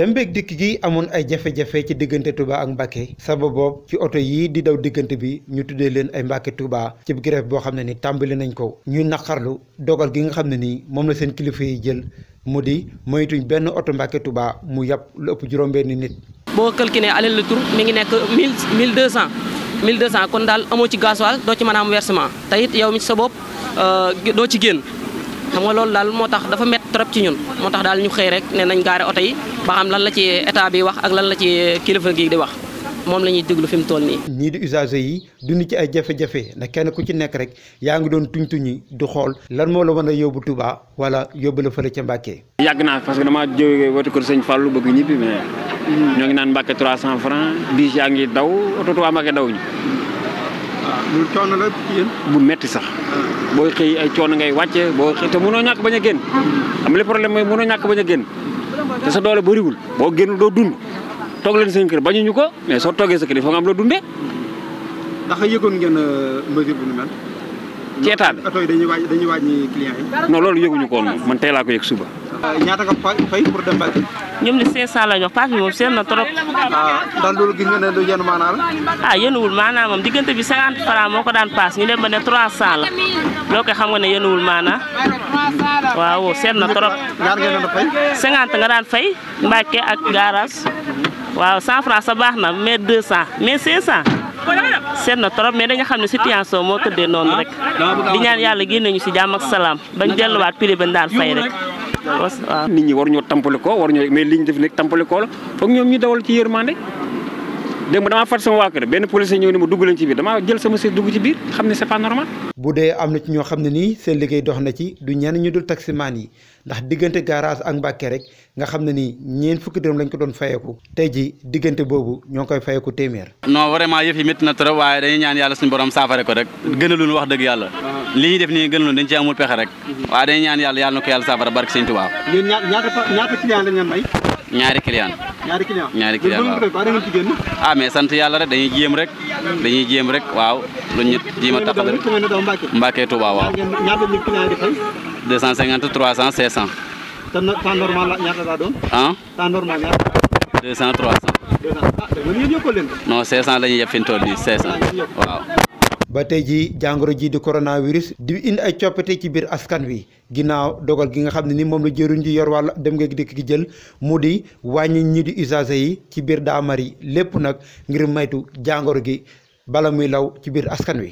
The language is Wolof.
dem beeg dikk gi amoon ay jafe-jafe ci diggante tubaa ak Mbacké sababoob ci oto yii di daw diggante bi ñu tuddee leen ay Mbacké tubaa ci grève boo xam ne ni tàmbali nañ ko ñuy naqarlu dogal gi nga xam ne nii moom la seen kilifa yi jël mu di moytuñ benn oto Mbacké tubaa mu yàpp lu ëpp juróom benn nit. boo calculé aller le tour mi ngi nekk mille mille deux cent mille cent kon daal amoo ci gasoil doo ci mën a am versement te it yow mi sa bopp euh, doo ci génn xam nga loolu daal moo tax dafa métti trop ci ñun moo tax daal ñu xëy rek nañ gaare oto yi. ba xam lan la ci état bi wax ak lan la ci kilifa gi di wax moom la ñuy déglu fi mu toll nii. ñii di usagers yi dund ci ay jafe-jafe na kenn ku ci nekk rek yaa ngi doon tuñ tuñi du xool lan moo la mën a yóbbu Touba wala yóbbu la fële ca Mbacke. yàgg naa parce que damaa ko wote kër sëñ Fallou bëgg ñibbi mais ñoo ngi naan trois 300 francs bis yaa ngi daw oto Touba Mbacke daw ñu. waaw ah, loolu coono la yéen. bu metti sax. booy xëy ay coono boo xëy ñàkk bañ a génn. am li problème mooy te sa doole bëriwul boo génn doo dund toog leen ba ñu ñu ko mais soo toogee sa kër il faut nga am loo dundee. ndax yëgoon ngeen euh, mesure bu ñu mel. ci état bi yi dañuy wàññi dañuy wàññi client yi. non loolu yëguñu ko woon man tey laa ko yëg suba. Euh, ñaata nga fay pour dem ñoom li 500 la jox paas bi moom seer na trop. waaw daan loolu du yenn maanaa la. ah yenuwul maanaa moom diggante bi 50 francs moo ko daan paas ñu dem ba ne 300 la loo koy xam nga ne yenuwul maanaa waaw seer na trop. ñaar ngeen doon nga daan fay Mbàkke ak garage waaw 100 francs sa baax na mais 200 mais 500. seet na trop mais dañu xam ne situation moo tëddee noonu rek ah, di ñaan yàlla génne ñu ci jàmm ak salaam bañ delluwaat prix ba daan fay rek nit ñi waruñoo tampale ko waruñoo mais liñ def nekk tampale ko la foog ñoom ñu dawal ci yërmande dégg nga damaa far sama waa kër benn policier ñëw ne ma dugg leen ci biir damaa jël sama si dugg ci biir xam ne c'est pas normal. bu dee am na ci ñoo xam ne nii seen liggéey dox na ci du ñenn ñu dul taximaan yi ndax diggante garage ak Mbàkke rek nga xam ne nii ñeent fukki dërëm lañ ko doon fayeeku tey ji diggante boobu ñoo ngi koy fayeeku téeméer. non vraiment yëf yi métti na trop waaye dañuy ñaan yàlla suñu borom saafare ko rek gënaluñu wax dëgg yàlla. li ñuy def nii gënaluñu dañ ci amul pexe rek. waaye ñaan yàlla yàlla na ko yàlla saafara barke Sëñ Tuubaa. ñaata client lañ leen may. ñaari client ñaari client ñaari client waaw ah mais sant yàlla rek dañuy jéem rek dañuy jéem rek waaw lu ñu jéem a taxal rek Mbacke Touba waaw 250 300 600 temps normal ñaata la doon ah temps normal ñaata 200 300 200 non 600 la ñuy yeb fi ñu toll nii 600 ah, waaw ba tey ji jàngoro ji di coronavirus di indi ay coppite ci biir askan wi ginnaaw dogal gi nga xam ne ni moom la jëriñ ji yor wàll dem nga dikk gi jël mu di wàññi ñi di usager yi ci biir daamar yi lépp nag ngir maytu jàngoro gi bala muy law ci biir askan wi